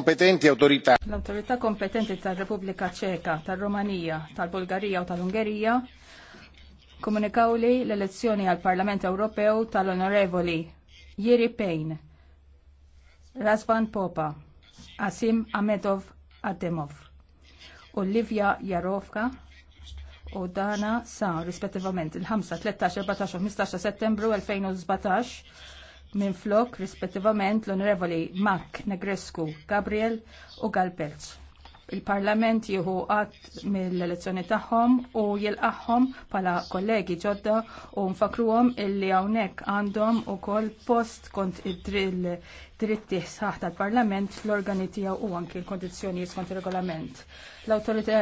kompetenti autorità. l awtorità kompetenti tal-Repubblika Ċeka, tal-Romanija, tal-Bulgarija u tal-Ungerija komunikaw li l-elezzjoni għal Parlament Ewropew tal-Onorevoli Jiri Pejn, Razvan Popa, Asim Amedov Ademov Olivia Jarovka u dana sa rispettivament il-5, 13, 14, 15 settembru 2017 minn flok rispettivament l-Onorevoli Mac Negrescu Gabriel u Galpelz. Il-Parlament jieħu għat mill-elezzjoni tagħhom u jilqaħħom pala kollegi ġodda u nfakruhom illi hawnhekk għandhom ukoll post kont id-drill dritti sħaħ tal-Parlament l-organi tiegħu u anki l-kondizzjonijiet skont ir-regolament. L-awtorità